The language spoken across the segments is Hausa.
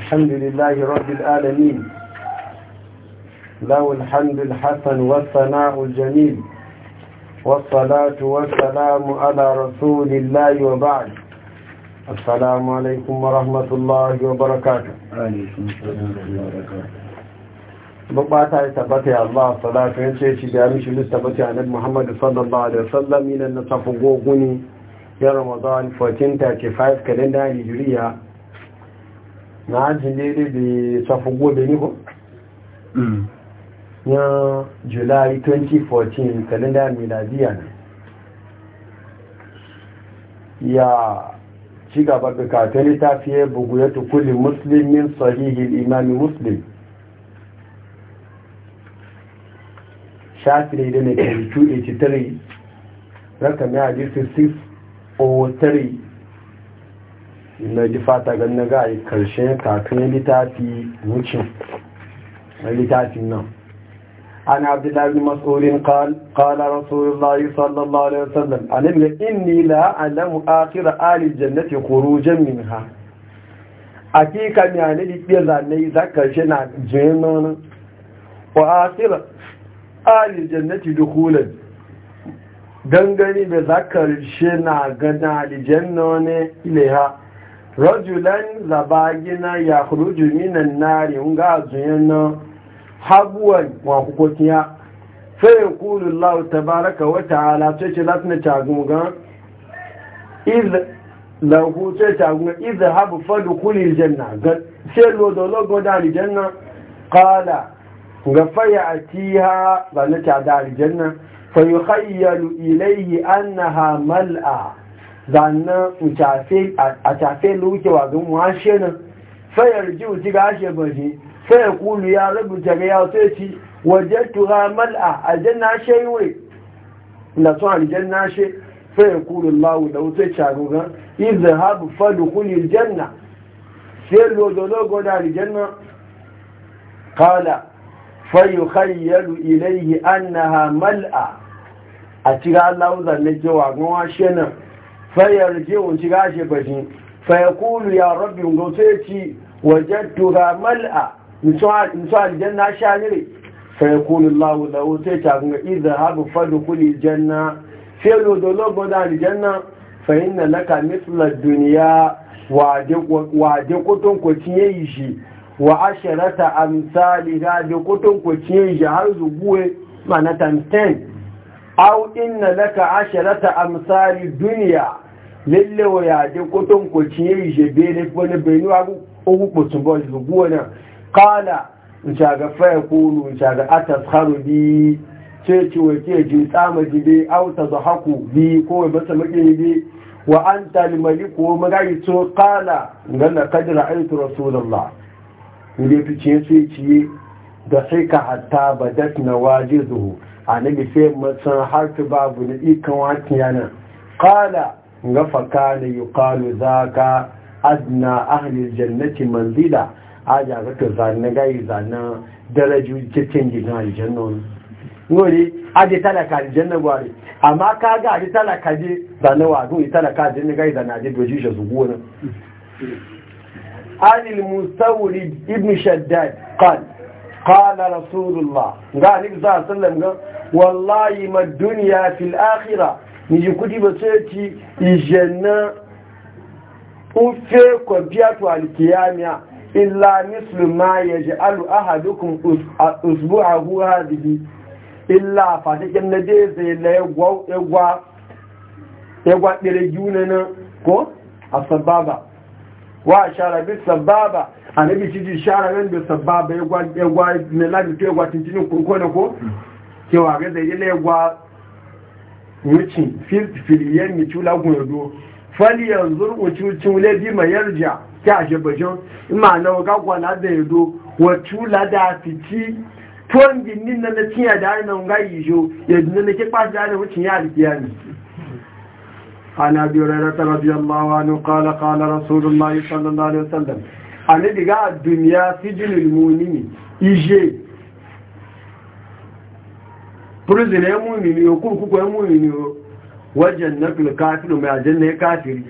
الحمد لله رب العالمين له الحمد الحسن والثناء الجميل والصلاة والسلام على رسول الله وبعد السلام عليكم ورحمة الله وبركاته ya tabbata ya Allah salatu yace shi da mishi lissa tabbata annabi Muhammad sallallahu alaihi na ji daidai da safin gobe ne ko? Mm. july 2014 kalenda miladiya ne ya ci gaba da katoli ta fiye bugu ya tukuli musulmin sahihin imami musulmi shafi da ne 283 rakami hadisi 603 na ji fata gan na ga'ai karshen kakan litafi wucin na litafin nan an abdullahi masorin kala rasulun layi sallallahu alaihi wasallam a nan da inni la'alamu akira alin jannati kurujen min ha a kika mi a ni zane zanayi za karshe na jirin wa akira alin jannati dukulan dangane mai za karshe na gana alijen nane ile ha rajulan zabagina ya kuruju minan nari nga azuyan na habuwan wakukotiya sai kulu lau tabaraka wata ala sai ce lati na cagunga lahu sai cagunga iza habu fadu kuli janna sai lodologo da aljanna kala ga faya a tiha ba na cada aljanna fa yi khayyalu ilaihi annaha mal'a zanna a tafe luke wa gan washe nan fayar ji wuce ga ashe baje sai kulu ya rubuta ga ya sai ci wajen tura mal'a aljanna she yi da sun aljanna she sai kulu lawu da wuce shagogan izin habu fadu kuli aljanna sai lodologo da aljanna kala fayyukayyaru ilaihi annaha mal'a a cikin allahu zanne cewa gan washe nan ya fayarje wunci gashe fashi fayakulu ya ya kulu rabbi ga wuce ci wajattu ga mal'a in su aljan na sha ne ya kulu lawu da wuce ta kuma idan haɓu fadu kuli janna sai lodo lobo da aljanna fahim na naka mislar duniya waje kutun ku cinye shi wa asharata amsali ga kutun ku cinye shi har zubuwe mana times 10 au inna laka asharata amsali duniya, lalle wa ya de kotun ko ciye je be ne ko ne be ni wa ogu ko tun bo ju bu na qala in sha ga fa yakulu in sha ga atasharu bi ce ci wa ke ji tsama ji be au tadhaku bi ko ba ta make ni bi wa anta al malik wa magai to qala ngalla qad ra'aytu rasulullah ne fi ciye ciye da sai ka hatta dat na waje zuhu a na bise matsan harfi babu na ikon wakin yana kala ga faka na yi kalu za ka adina ahalin jannati manzila a jagata zane gai zane daraju cikin gina aljannon wani a ji talaka aljanna gwari amma ka ga ji talaka ji zane wazo yi talaka aljanna gai zane aje doji shi su gona Alil Musawri ibn Shaddad Kan, Kala Rasulullah, ga Alif Zasallam ga, wallahi ma duniya fil akhira, ni kudi ba sai ci ijenna ufe ko biyatu alkiyamiya illa mislu ma ya ji alu ahadukun usbu a huwa zibi illa fasikin na dai zai la ya gwa ɗirar yunanin ko a sababa wa shara bi sababa anabi ci shara shararan da sabba ba ya gwa na lafi to ya gwa cincinin kurko na ko ga zai ila ya gwa wucin filiyen fali yanzu wucin cule bi mai yarja ta a shabbashin ima na waga kwana da yado wa da fiti tuwon ginin na na da ana nga yi jo yadda na ke kpashi da wucin ya عن أبي هريرة رضي الله عنه قال قال رسول الله صلى الله عليه وسلم annabi ga duniya sijilin sijilul ne, ije prison ya mu'mini o kurkuku ya mu'mini o wajen nafil kafiru mai ajanna ya kafiri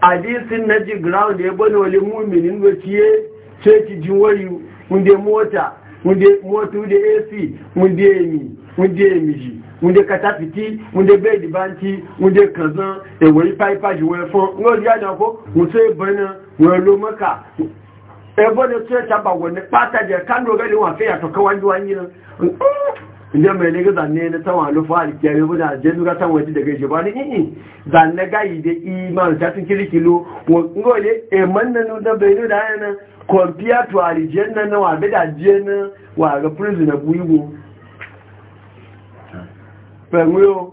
hadisin na ji ground ya bane wani mu'minin da ciye ce ki jin wari wunde mota wunde mota wunde ac wunde emi wunde emiji wunde katapiti wunde bed banki wunde kazan ewe ipa ipa jiwe fun ngo di ko, wunse bana welo ebe ebo da tsoye ta bago ne bata da kan roga nwa wafe ya to kawai duwan yi nan inda mai mm-hmm. ne gaza na tawa lufa alikiya ne bu da je duka tan waje daga je ba ni ni zanne gayi da iman ta tun kiri kilo ngole na wa be a je na wa ga prison na pẹ̀lú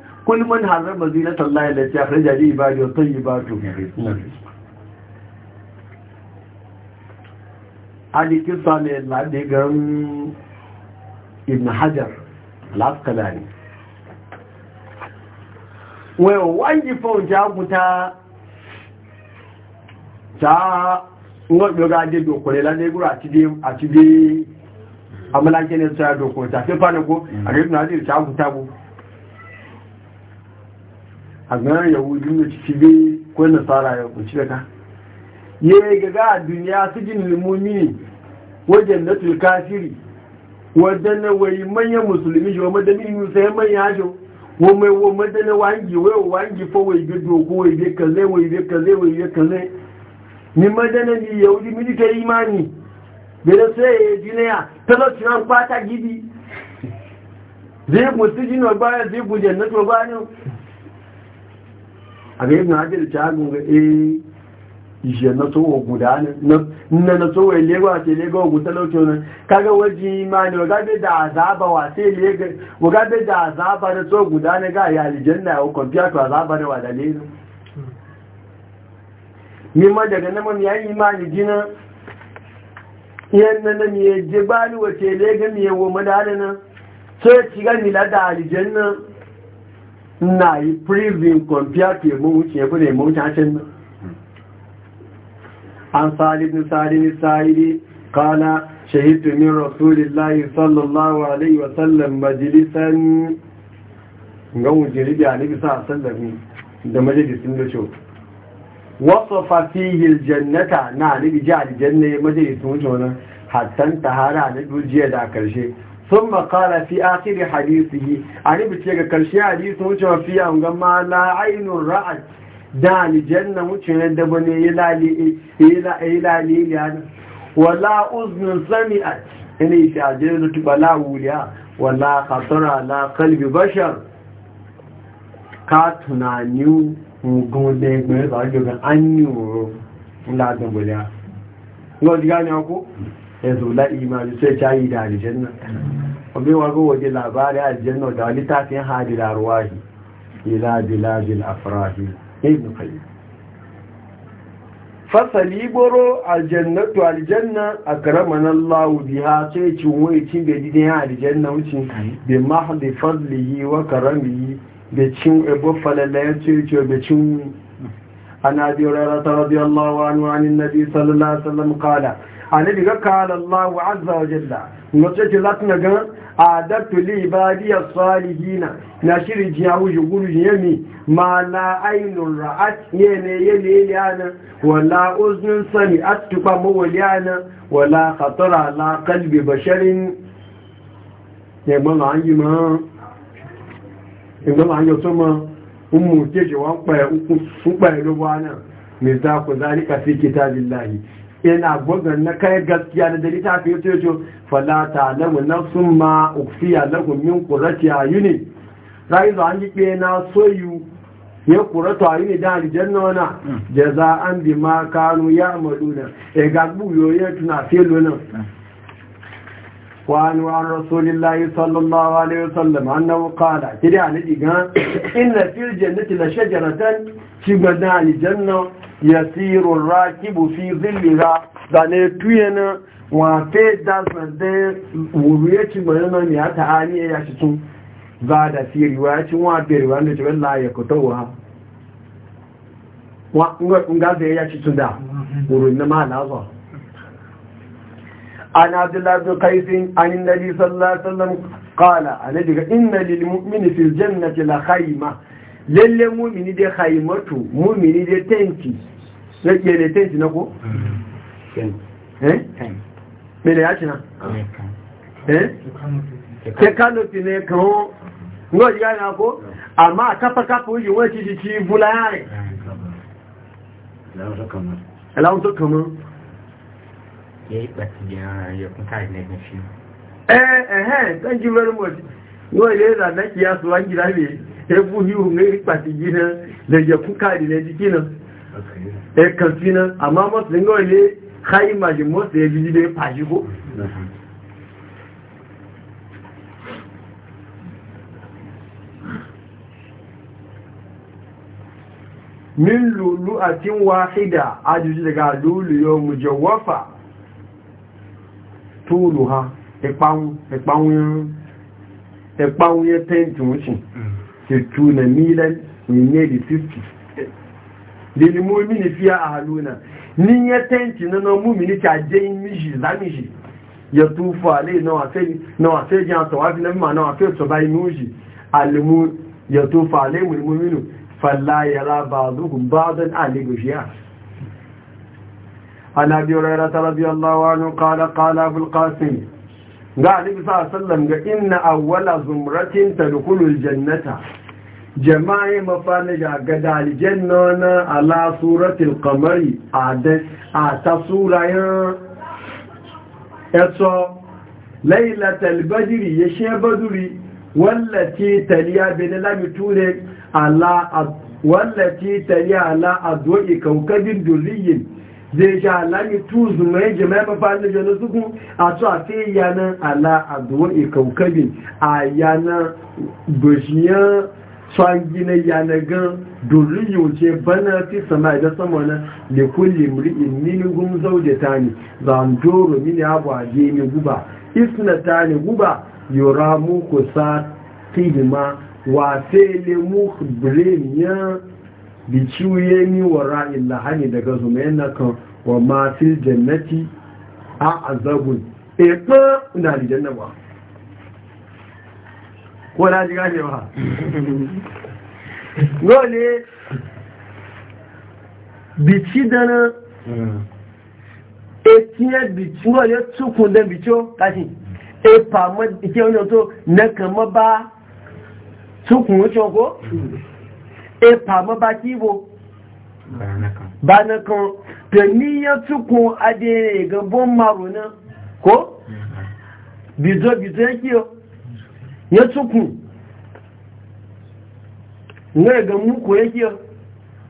كل من حرم زينة الله التي أخرج لعباده طيباته هذه قصة للعبد ابن حجر العسقلاني wọ́n fọ́n jẹ́ àgúta tàà wọ́n yọ́gá dé dòkùnrin lánàígúrò àti dé amọ́lájẹ́ ní ṣe àdòkùn tàfífà nìkó àrífìnà àti ìṣàgúta gbogbo a ganin yahudin na ciki bai ko nasara ya kunci daga ya yi gaga a duniya su jin limomi wajen na tulkafiri wajen na wai manyan musulmi shi wa madamin yusa ya manyan hajjo wa mai wa madana wangi wai wangi fa wai bi doko wai bi kaze wai bi kaze wai bi kaze ni madana ni yahudi mini ta imani bere sai ya yi ne ya zai kwata gidi zai mutu jin wa baya zai buje na tobanin a ga yin hajjar ta hagun ga e ishe na towa guda na na tsohon legawa ce legawa guda lauke wani kaga waje imani wagabe da azaba wa sai lega wagabe da azaba na towa guda na ga ya aljanna na yawon kwamfiya to azaba na wada ne mimma daga naman ya yi imani jina yan na da mai jibali wace lega miye wa madana sai ci ga mila da na na yi prison compared to yabo wuce ya da yabo wuce hacin nan an salibin salibin sa'idi kana shahidu min rasulillahi sallallahu alaihi wasallam majalisan gan wuce ribi a nufi sa sallami da majalisun da cewa wasu fasihil jannata na nufi ji aljanna majalisun wuce wani hattan tahara na dujiya da karshe sun makara fi hadisi hadisihi a ni bice ga karshe hadisun wuce mafi yawon gama la'ainun ra'ad da alijen na wuce na daba ne yi lalili hadis wala sami a ina yi fi ajiyar zutu ba la'uliya wala katara na kalbi bashar ka tunani mugun da ya gbe zagi ga an yi wuro ladin buliya ya zula imani sai ta yi da aljanna abin wago waje labari aljanna da littafin hadila ruwahi ila afirahi afrahi ibn qayyim fasali goro aljannatu aljanna akramana Allah biha sai cin wai cin da dinin aljanna wuce bi mahdi fadlihi wa karamihi da cin ebo falalayen sai ce da cin ana bi rarata radiyallahu anhu anin nabi sallallahu alaihi wasallam qala annabi ga kala Allahu azza wa jalla wace ce za ga adatu li ibadiya salihina na shiri jiya wuce gudu yami ma la ainun ra'at yene yene yana wala uznun sani attuba mawliyana wala khatara la qalbi basharin ne ba ma yi ma in ga ma yi to ma ummu ke je wa pa pa lo wa na zalika fi kitabillahi yana gwagar na kai gaskiya da dari ta fiye ta falata na wuna sun ma uksiya na gumin kurati a yi ne rayu da an yi ɓe na soyu ya kurata a yi ne dan alijan na wana da za e an bi ma kanu ya malu na ya gagbu yoyi tuna filo nan wani wa rasulun layi sallallahu alaihi wasallam an na wukala ta da alijan inna fil jannati la shajaratan shi ga dan alijan na yasirun rakibu fi zillira da ne tuyana wafe dasar da wuriye ci bayana ne ya ta'ani ya shi za da fi riwaya cin wafe riwaya da cibin laye kutowa nga zai ya ci tun da wurin na malaza an abdullahi bin kaisin an yin nabi sallallahu alaihi wasallam kala a na diga inna lil mu'mini fil jannati la khayma lalle mumini dai haimatu mumini dai tenti na kere tenti na ko? eh? ya ci na? Ah. eh? kanopi ne kawo ngọ́ ìyá ìrìn àkó àmá àkápákápá òyìn wọ́n ti ti ti bú láàárín ẹ̀láwọ́n tó kàn mọ́ ẹ̀ẹ́ẹ̀ẹ́ thank you very much wọ́n ilé ìrànlẹ́kìá sọ wájì ebu hiru ne rikpati gina da ya kuka da na jiki nan e kansi nan amma masu zinga wani hayi majin masu ya jiji da ya fashi ko min lulu'atin wahida ajuji daga luluyo mujawwafa tuluha ipawun e ipawun e ipawun e ya tẹ́ntì sittuna milan min ne da lili mumini fiya a haluna nin ya tanki na nan mumini ta jayin mishi zamishi ya tufu alai na wasai tawafi na mima na wasai su bayi nushi alimu ya tufu alai mulmuminu falla ya raba zuhun bazan aligushiya عن أبي هريرة رضي الله عنه قال قال أبو ga alibi sa sallam ga inna awwala zumratin tadkhulul jannata jama'i mafani ga gada aljanna na ala suratul a ta surayen yaso lailatul badri ya she baduri wallati taliya bin Ture ala wallati taliya ala adwa'i kaukabin duriyin zai alami tuzu mai jama'a da jana suku a su a fi yanar ala e a duwa ikaukabin a yanar tsangi na yanar gan yi yauce bana fi sama da sama na da kulle gun zaude ta ne zandoro mini abu a je ne guba isna ta ne guba yora muku sa tilima wa sai lemu brain ya. bi ciwuye ni wa illa lahani daga zumayen na kan wa masu jannati a azabun epa da aljanna ba ko da ji gane ba dole bici dana etinye bici wale tukun da bico kashi epa ma ike wani to na ma ba tukun wucin ko e fama ba kibo ba na kan ta niyan cikin adini gabon maro nan ko? bizo-bizo yake ya cikin na ga muku yake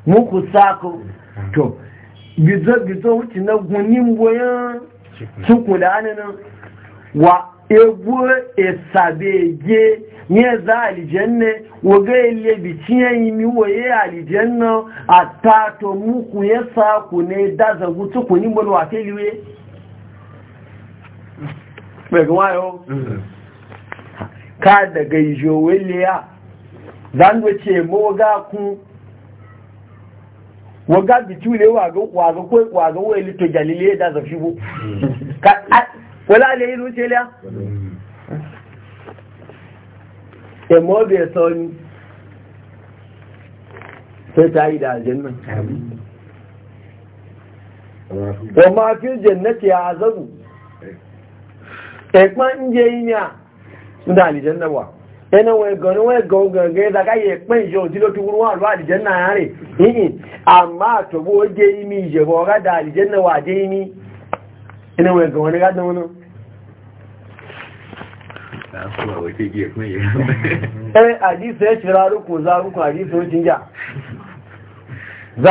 muku sako to bizo-bizo wuce na gunin goyon cikin da ana wa egwu esabe je. nye za alijanne waga ile biciye yi mi waye alijanna a tato muku ya sa ku ne da zagu tuku ni mbolo wa teliwe gbẹ̀gbẹ̀ wáyọ́ ká daga ìṣòwé lẹ́yà zanwece mawaga kun waga bitu ne waga wẹ́lẹ̀ tó jalilé da zafi bu wọ́lá lè yìí ló ṣe lẹ́yà ẹ̀mọ́ ọ̀bẹ̀ ẹ̀sọ́ ni fẹ́ta ìdá àjẹ́nà wọ́n máa fi jẹ̀nà ti àzọ́gù ẹ̀pá ń jẹ iná ní àlìjẹ́nà wa? ẹnà wọn ẹ̀gọ̀ ni wọ́n ẹ̀gọ̀ gẹ̀gẹ̀ ìdàkáyẹ ẹ̀pẹ́ ìjọ òtí ló ti wúrún àlọ́ àlìjẹ́nà rẹ̀ yìí àmá àtọ̀bọ̀ ó jẹ́ imi ìjẹ̀bọ̀ ọ̀gádà àlìjẹ́nà wà dé imi ẹnà wọn ẹ̀gọ̀ wọn ni gádà wọn náà eh hadisi ya shira za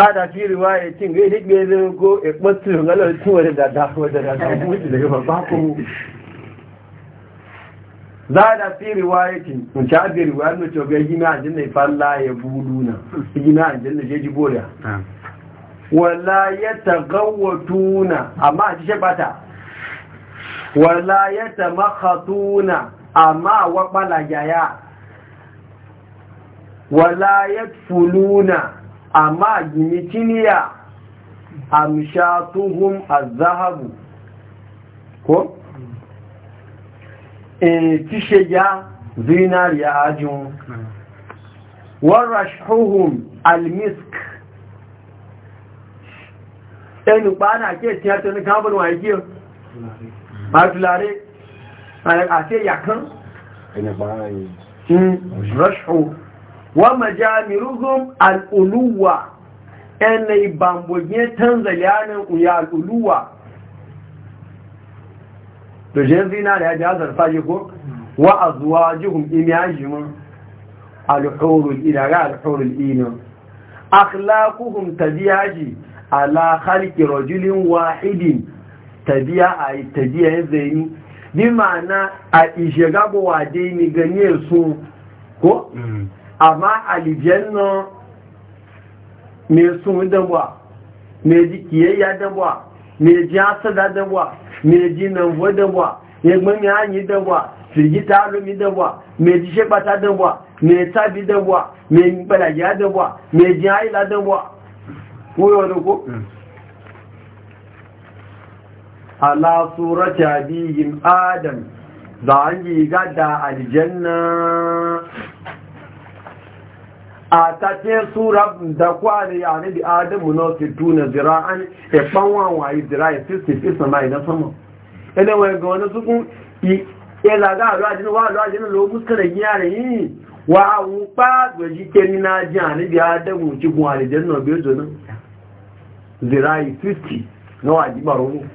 za da fi riwaya cin gai duk bai zai ko yin galar cin da da wadda da da kuma da yawa ba za da fi riwaya cin in ta bi da no gina ajin da falla ya buduna gina ajin da da boriya ah. wala ya tagawatuna amma a ji shabata wala ya tamakhatuna amma waɓala jaya wala ya fuluna amma gimitiniya amshatuhum azahabu ko e tishe ya zinariya ajin warashuhum almisk ɗan ba na ke tiyatar kabarwa ya ke ba tulare àti ah, e ya kan rọ́ṣù wọ́n mẹ́já mìírùgùn al'ulúwà ẹnà ìbàmbòjẹ́ tanzalianin uya al'ulúwà da jẹ́ zina da ya jẹ́ azarfa jiko wa a zuwa jihun imi e ajimin alhurul ilaga alhurul akhlaquhum tabiyaji ala khalqi rajulin wahidin tabiya ay tabiya zaini bi ma'ana a ishe gabo wade ni ganye su ko mm. amma alijanna me sun dabwa me ji kiyayya dabwa me ji hasada dabwa me ji nanvo dabwa ya mi hanyi dabwa firgi ta lomi dabwa me ji shekpata dabwa me tabi dabwa me gbalaja dabwa me ji ayi la ko yau da ko ala surata abihim adam za an yi gada aljanna a tafiye sura da kwari a nabi adamu na fito e wa, zira'an zira yi. zira'i 60 sama na sama ina wani ga wani sukun ilaga e alwajin wa alwajin lo muskara yare yi wa awon pa gbeji kemi na ji a nabi adamu cikin aljanna bezo nan zira'i 50 na wajibar wani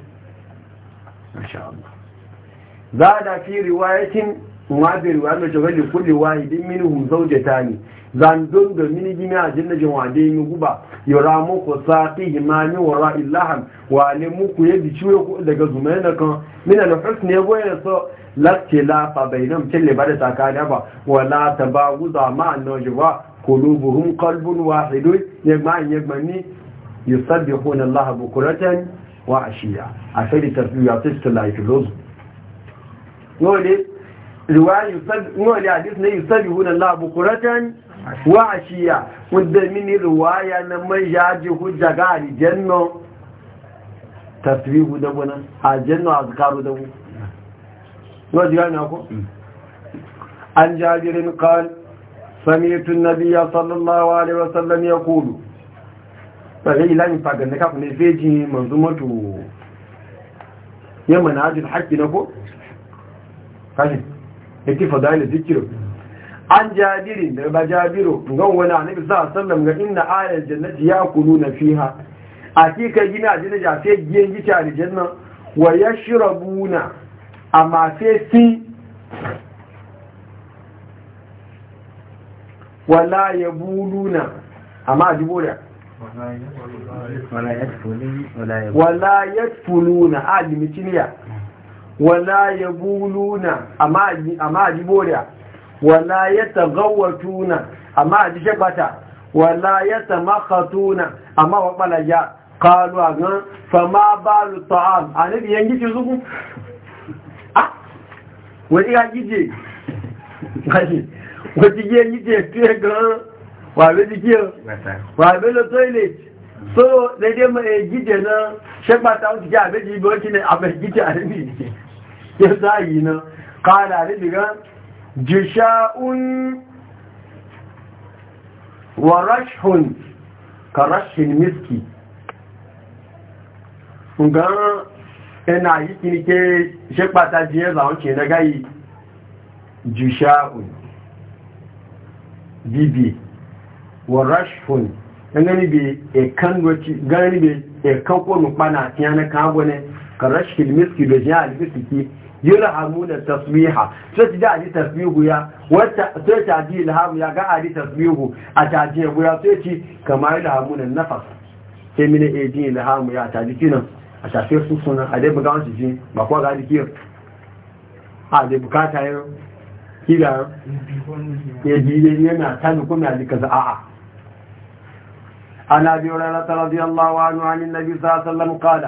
za da fi riwayatin ma bi riwayat da shagali kulli wahidin minhum zawjatani zandun da mini a jinna jin wade mi guba yara muku saqi imani wara illaham wa ne muku ya bi ciwo daga zumaina kan min al husn ya goye so lakke la fa bainam tille ba da takada ba wala tabaguza ma annajwa qulubuhum qalbun wahidun yagma yagmani yusabbihuna allaha bukuratan wa a shiya a sai ta tafiya ya fi su laifi lozu wani hadis na yusabi huna labu kuratan wa a shiya wadda mini ruwaya na mai ya ji hujja ga alijanno tasbihu da bunan alijanno a zikaru da bunan wajen yana ku an jajirin kan sami samitu nabiya sallallahu alaihi wasallam ya kulu ɓarai ilamin fagar na kafin feji manzu mato yamma na hajjin haƙƙi na ko? kashin ya ti fada ila an jabiri da ba jabiru gan wani anabi sa sallam ga inna ayar jannati ya kulu na fi ha? a kika gina a jina jafe giyan gita da jannan wa ya shirabuna a mafe fi wala ya buluna amma a jibo da wala ya yadfuluna alimitiniya wala ya yabuluna amma ajiboriya wala ya yatagawatuna amma ajishebata wala ya yatamakhatuna amma wabalaja a agan fama ba balu ta'am anabi yangici zuku ah wani ya gije kashi wati yangice tuye gan wabe jikiyar wabe na toilet so da ke mai gije na shekpata wasu ke abeji ibe wakil ne a gije a rini ya sa yi na kada ribiga jisha'un wa rashin ka rashin miski nga ina yi kinike shekpata jiye za wance na gayi jisha'un bibi wa rashfun ganin bi ekan goci gani bi ekan ko nu pana tiyana ka gone ka rashkil miski da ja yi miski yulhamuna tasbiha sai da ali tasbihu ya wata sai ta ji ilham ya ga ali tasbihu a ta ji ya sai ci kamar ilhamuna nafas sai mine e ji ilham ya ta ji kinan a ta su suna a dai buga wanci ji ba ko ga dikiyar a dai bukata yau kila ya e ji ne yana tani kuma ya ji kaza a'a عن ابي هريره رضي الله عنه عن النبي صلى الله عليه وسلم قال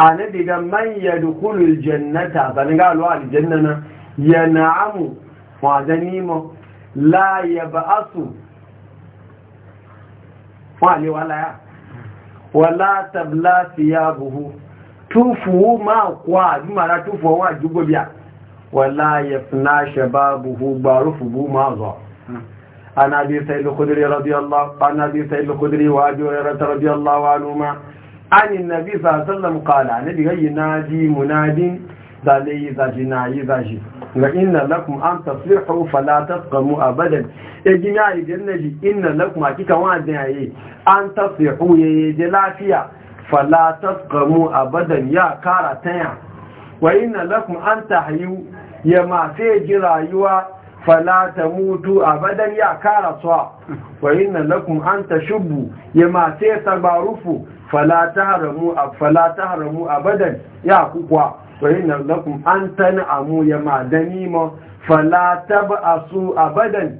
انا دقا من يدخل الجنه فأنا قالوا الجنة ينعم وعدنيم لا يبأس وعلي ولا ولا تبلى ثيابه توفه ما قوى جمع توفه واجب بيا ولا يفنى شبابه بارفه ما ظهر عن أبي سيد الخدري رضي الله عن أبي سيد الخدري وأبي هريرة رضي الله عنهما عن النبي صلى الله عليه وسلم قال النبي ينادي مناد ذلي ذاجي ناي ذاجي وإن لكم أن تصلحوا فلا تسقموا أبدا إجماع الجنة إن لكم أكيكا وعدنا أن تصلحوا يجلافيا فلا تسقموا أبدا يا كارتين وإن لكم أن تحيوا يما في جرايوا fala ta mutu abadan ya kara suwa wa inna lakum an tashubbu yama sai tabarufu fala tahramu fala tahramu abadan ya kukwa wa inna lakum an tan'amu yama danima fala tabasu abadan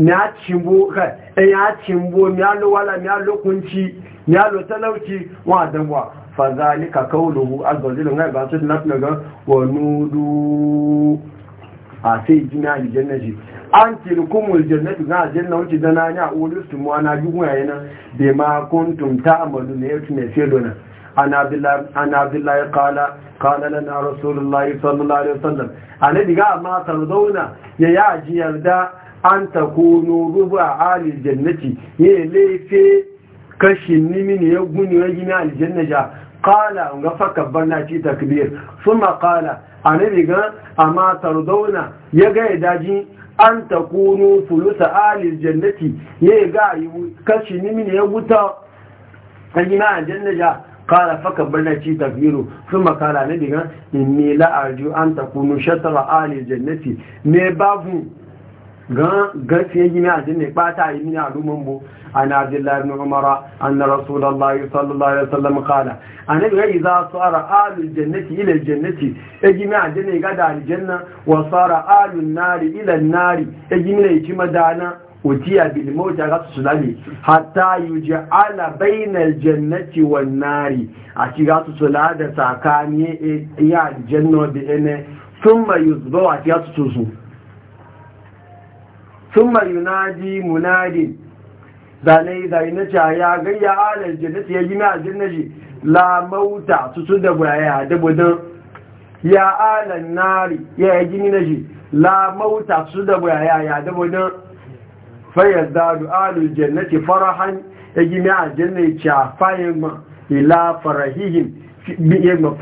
ya cimbo eh, ya cimbo ya lo wala ya lo kunci ya lo talauci wa danwa fadhalika qawluhu azza wa jalla ngai ba su na tunaga wa nudu a sai jina aljanna ji an tilkumul jannatu na aljanna wuce da na ya ulustu mu ana wuya yana da ma kuntum Amadu na yatu ne sai dona ana abdullahi kala kala lana rasulullahi sallallahu alaihi A annabi ga amma zauna ya ji yarda an ta a ruba alil jannati ya laifin kashin nimini ya gini ya gina aljanna qala ga fakabbarna ci takbir thumma a annabi ga amma tardauna ya gaya daji an takunu fulusa alil jannati ya ga kashi ni mini ya wuta kan yi ma'an jannaja kala faka birna ci tafiru sun makala na diga inni la'arju an takunu shatara alil jannati me babu gan fiye gini a jinne bata yi mini alumun bu an abdullahi ibn umara anna ya sallallahu alaihi wasallam qala ana za su ara alul jannati ila jannati e gini a jini ga da aljanna wa sara alun nari ila nari e gini ne ci madana utiya bil ta ga tsunami hatta ala bainal jannati wa nari a ci ga tsunada tsakani e, ya Sun bi ene zuba a wa ya su. Sun ثم ينادي مناد zane zai na caya gayya alal jannati yi na shi la mauta tutu da baya da budan ya alal nari ya gini na ji la mauta tutu da baya ya da budan da yazdadu alul jannati farahan yi na jannati cha fa ma ila farahihin bi mafaga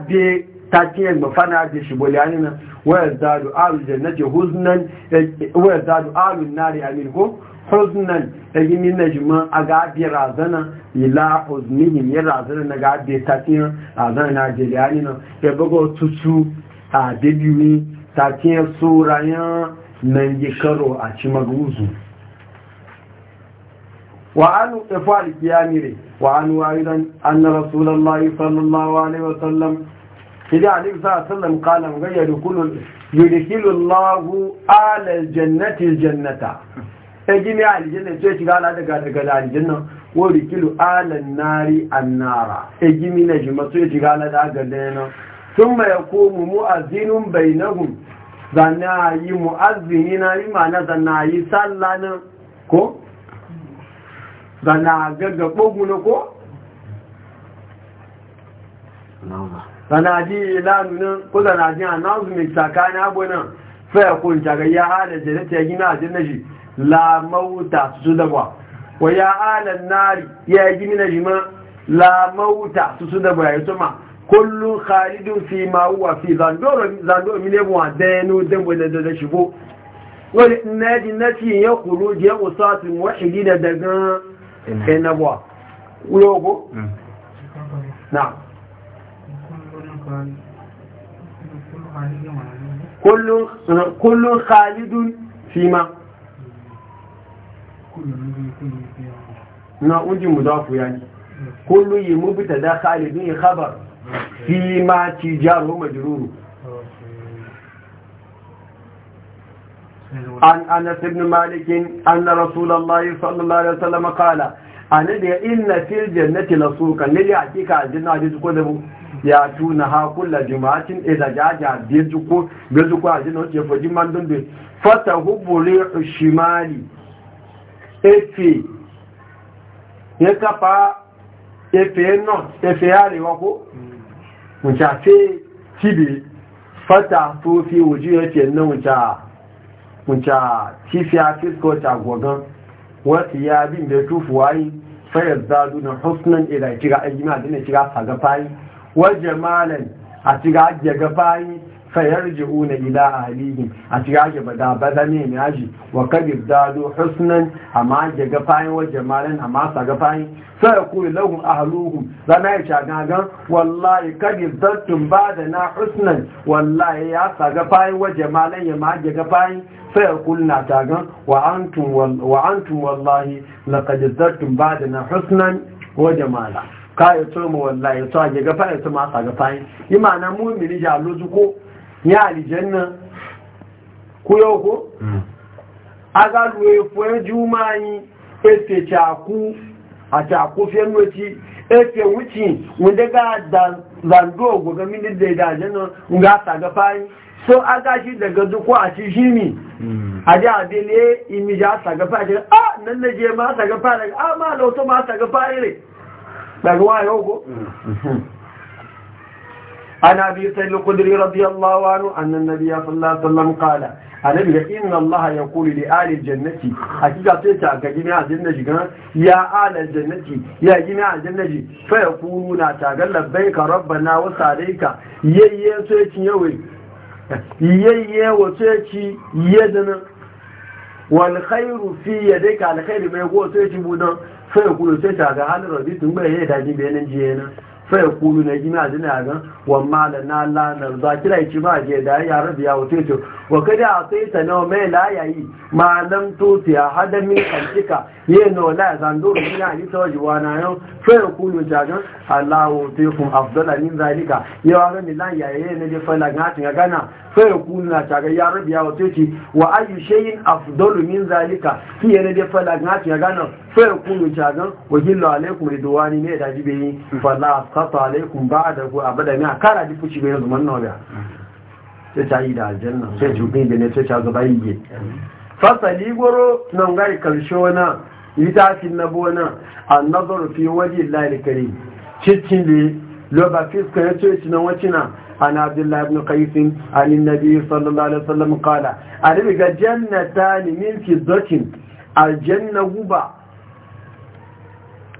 fa ga ta ce yadda fana da shi boliyani na wayar zadu alu jannati huznan wayar zadu alu nari amin ko huznan da gini na jima a gabi razana ila huznihim ya razana na gabi ta ce razana na jeliyani nan ya bugo tutu a dabiwi ta ce nan yi karo a cimaguzu وعن إفعال كيامري وعن أيضا أن رسول الله صلى الله عليه وسلم sidi ali sallallahu qalan ga yadkhulu yadkhulu allahu ala jannati jannata e gini ali jinna ce ci gala daga daga ali jinna wa rikilu ala nari annara e gini na ji masu ci gala daga dena thumma yakumu mu'azzinun bainahum zanna yi mu'azzinina bima na zanna yi sallana ko zanna gaggabo ko sanaji lanunin ko sanaji announcement tsakanin abunan faya kunta ga ya halar jannata ta gina ajiyar shi la mauta su su dabwa wa ya halar nari ya gini na shi ma la mauta su su dabwa ya tuma kullum khalidun fi ma'uwa fi zandoro milebuwa denu dambo da shigo wani naji nafi ya kuru je usasin wahidi da daga enabuwa ulogo mm. na كل خالد فيما كل خالد فيما نعم مضاف يعني كل مبتدا خالد خبر فيما تجار مجرور عن انس بن مالك ان رسول الله صلى الله عليه وسلم قال انا ان في الجنه لسوقا لي حقيقه الجنه دي كده ya tuna ha kula juma'atin idza jaja bizuku bizuku a no je foji mandun be fata hubuli shimali efe ya kafa efe no efe ya ari wako mucha fe tibi fata to fi wuji yake nan mucha mucha tifi afisko ta gogan wasu yabin da tufuwa yi fayar zadu na husnan ila kira ayyuma dina kira fagafayi wa jamalan a ci fayar gafayi fayarji'una ila ahlihim a cikin ba bada bada ne ne aji wa kabir dadu husnan amma ga gafayin wa a amma ga gafayin sai ya kuri lahum ahluhum zana ya shagagan wallahi kabir dattun bada na husnan wallahi ya sa gafayin wa jamalan ya ma ga gafayin sai ya kuri na tagan wa antum na laqad ba bada na husnan wa ka ya to mu wallahi to ya ga fa ya to ma sa ga fa yi ma'ana mu'mini ja lozu ko ya aljanna ku yo ko mm. aga lu e, e juma yi e te cha ku a cha fe no ti e te wuci wanda ga da zando go ga min da da aljanna nga sa ga fa so aga shi daga duku a ci shi ne mm. a ji abin ne imi ja sa ga fa a nan na je ma sa ga fa daga a ma lauto ma sa ga fa ne ɗaruwa yau ko? عن أبي سيد القدري رضي الله عنه أن النبي صلى الله عليه وسلم قال النبي إن الله يقول لآل الجنة أكيد أتيت كجميع الجنة يا آل الجنة يا جميع الجنة فيقولون أتاقل لبيك ربنا وسعليك يي يي سيتي يوي يي يي وسيتي يدنا walkhairu fi yadayka alkhairu mai ko sai ci budan fa Kulu sai ta ga halin rabi tun bai nan ji bayanan sai fa Kulu na jima dina ga wa ma lana la narza ci ba je da ya rabi ya wuce to wa kada a sai ta nawa mai layayi ma nan to su ya hada min kantika yi na wala ya zando da a yi ta wajewa na yau fere kulu jagan allahu ta yi kun afdala min zalika yawa ga milan je na jefa lagatin ya gana fere kulu na shagar ya rabu ya wato ce wa ayu shayin afdalu min zalika ki yana jefa lagatin ya gana fayar kulu wa wakilu alaikum riduwani ne da jibe yi falla kasa alaikum ba da ku abada ni a kara ji fushi bai zuman nawa sai ta yi da aljanna sai jubin da ne sai ta gaba yi fasali goro nan gai karshe wana litafin na bona nazar fi waje lalai kare cikin da loba fiska ya ce shi nan na. an abdullahi ibn qaisin an annabi sallallahu alaihi wasallam qala arabi ga ni min fi dhatin aljanna guba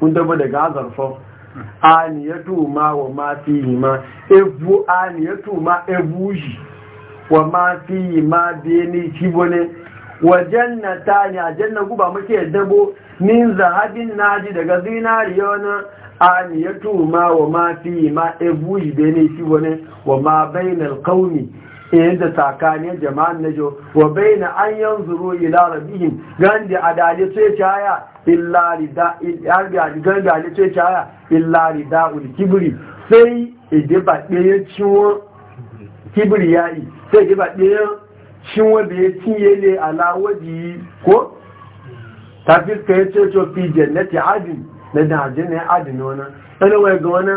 kun dabo daga azarfo aniyatu ma wa ma fihi ma ebu aniyatu ma ebuji wa ma fi ma bene shi bane wa jannata ne a janna guba muke dabo min zahabin naji daga zinariya wani an ya tuma wa ma fi ma ebu yi bene shi wani wa ma bainal kauni eh, da tsakanin jama'an najo wa baina an yanzuru ila rabbihim gandi adali sai chaya illa rida illa gandi adali sai chaya illa rida ul kibri sai idiba ɗaya ciwon kibir yi sai ji ba ɗaya shi wanda ya cinye ne yi ko ta fiska ya ce to fi jannati adin na da aljanna ya adin wani wani wai ga wani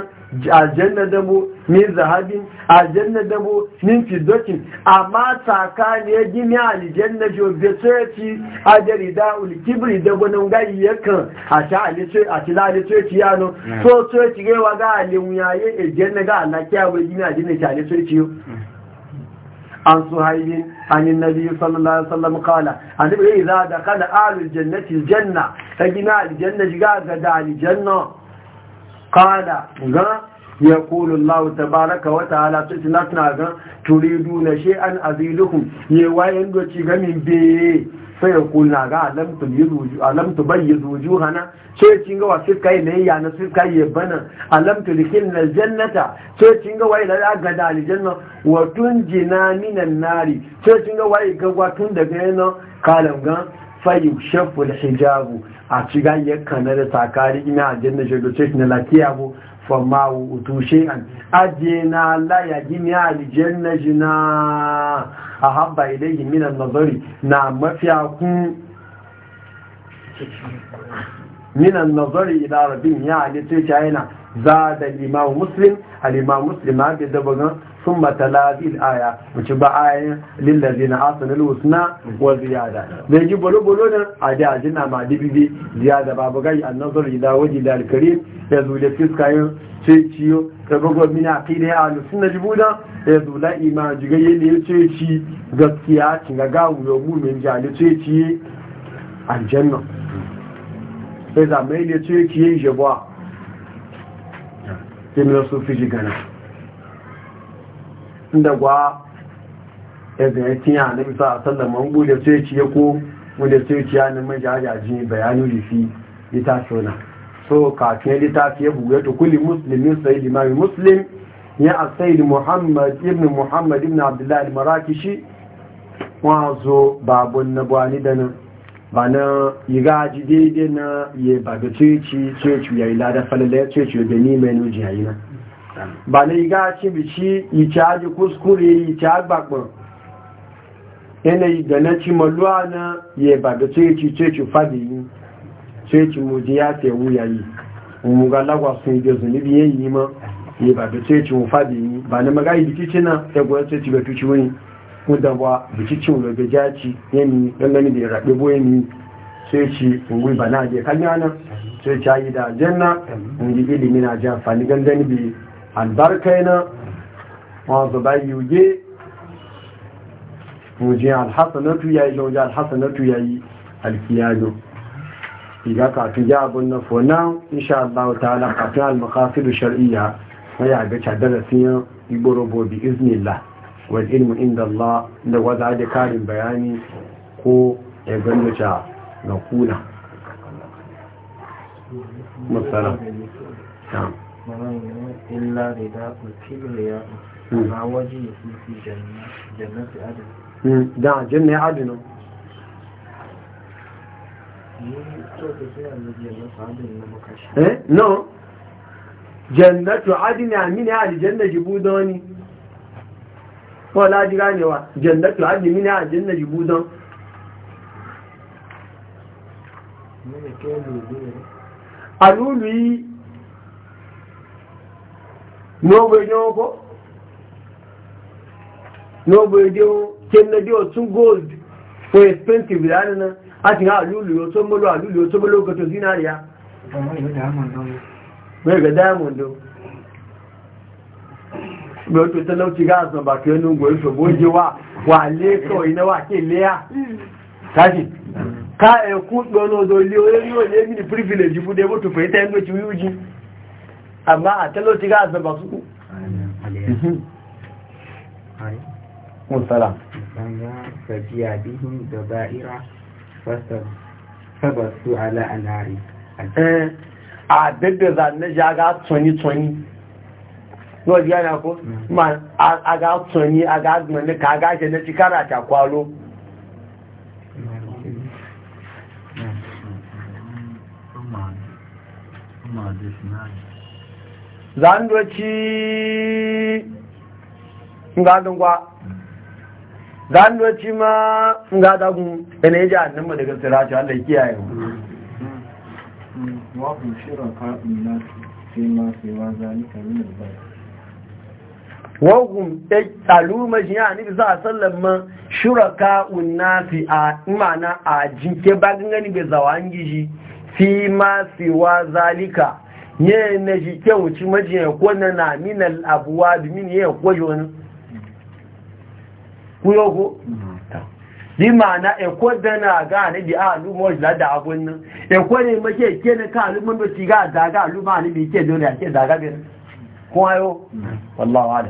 aljanna dabo min zahabin aljanna dabo min fidokin amma ne ya gini na jo bai ya ci ajiyar da ulkibri dabo nan gayi yakan a sha alice a ci la alice ci yano so mm. so ci gaiwa ga alimuyaye ajiyar na ga alakiya bai gini aljanna ci alice ci mm. an suhaibin an yi nabi sallallahu alaihi wasallam kala an yi za da kada alul jannati janna ta gina aljanna shiga ga da aljanna kala ga ya kulu Allah ta baraka wata ta'ala su tunatna ga turidu na she'an aziluhum ne wayan doci gamin beye sai ya kuna ga alamtu zuju hana? sai cin ga su kai na yi na su kai ya bana alamtu likin na jannata sai cin ga yi da ga dalijan aljanna wa minan nari sai cin ga yi gagwa tun daga yana kalam ga fayi shafu hijabu a ciga ya kanar da takari ina aljanna shi da sai na lafiya bu fama utushe an ajina la ya gini aljanna jina a habba ilayhi minan nazari na mafiya kun minan nazari ila rabin ya halitta ta yana za da imam muslim al-imam muslim ma bi dabagan sun matalabi aya wuce ba ayan lillazi na asanil husna wa ziyada zai ji bolo-bolo nan a da ajina ma dibibi ziyada babu gai an nazar ila waje da alkarim ya zule fiska yin ce ciyo ta gogo mini a kai da ya alu suna jibuda ya zula ima jigaye ne ya ceci gaskiya cin ga gawo ya mu min jali ce ciye aljanna sai zamai ne tsoye ki yin jabuwa sai mai wasu fi jigana inda gwa ya ga ya na bisa a sallama an bude tsoye ya ko wanda tsoye ki ya na manja ajaji bayanu rufi littafiona so kafin littafi ya buga ya tukuli musulmin sai limami muslim ya a sai muhammad ibn muhammad ibn abdullahi marakishi wazo babun na buwani da nan ba na yiga ji daidai na ya ba da tsoci ya yi lada falala ya tsoci ya gani mai nuji yi na ba na yiga ci bici yi ci aji kuskure yi ci agbakon yi da na ci maluwa na ya baga da tsoci fadi yi tsoci muji ya ce wuya yi mu ga lagwa sun yi zuni ya yi ma ya ba da mu fadi yi ba na magayi biki cina ya gwada tsoci ga tuci wani wadda ba biki cin daga jaci yami gani da ya raɗe bo ne sai ci ngui bana je kanyana sai ci yi da janna mm-hmm. ngi ilimi na ji amfani gangane bi albarka yana ma zaba yuje muje alhasanatu yayi jauje alhasanatu yayi alkiyado iga ka fi ja abun na for now insha Allah ta'ala kafin al-maqasid shar'iyya ya ga cadarasin igboro bo bi iznillah wal ilmu inda Allah da waza da karin bayani ko ya ganduta ga kuna musala illa rida ulkibriya hmm. ma waje fi jannati hmm. da eh no jannatu adin ya mini aljanna wani. ko laji ganewa jannatu hajji mini a janna jibu don alulu yi n'ogbeje oko n'ogbeje kennedy otun gold for expensive lánàá na a ti alulu yóò tó mọ́lú alulu yóò tó mọ́lú zinariya mai wato talauci ga azan ba kai nun goyi shobo jewa wa le kawai na wa ke leya tashi ka e ku dono do le o yeri privilege fu de moto fe tan gochi yuji amma a talauci ga azan ba su ala eh, a zanen ja ga tsoni yau ji yana ko mm. ma a ga tsoni a ga ka ga na cikara ta kwalo zandoci ngadungwa zandoci ma ngadagun yana yi nan ma daga sirashi allah kiyaye mu mm. Mm. shirin ka'in na ma wa wahum al'umma shi ya nufi za a sallan ma shuraka unnafi a imana a jinke bagin gani bai zawa an gishi fi ma siwa zalika ne na shi ke wuci maji ya kone na minal abuwa domin ya kwaje wani kuyo ko bi ma'ana ekwo dana ga ni a al'umma mo la da abun nan ekwo ne make ke ne ka alu mun do ci ga da ga alu ma ni bi ke do ne ke da ga bi ko ayo wallahi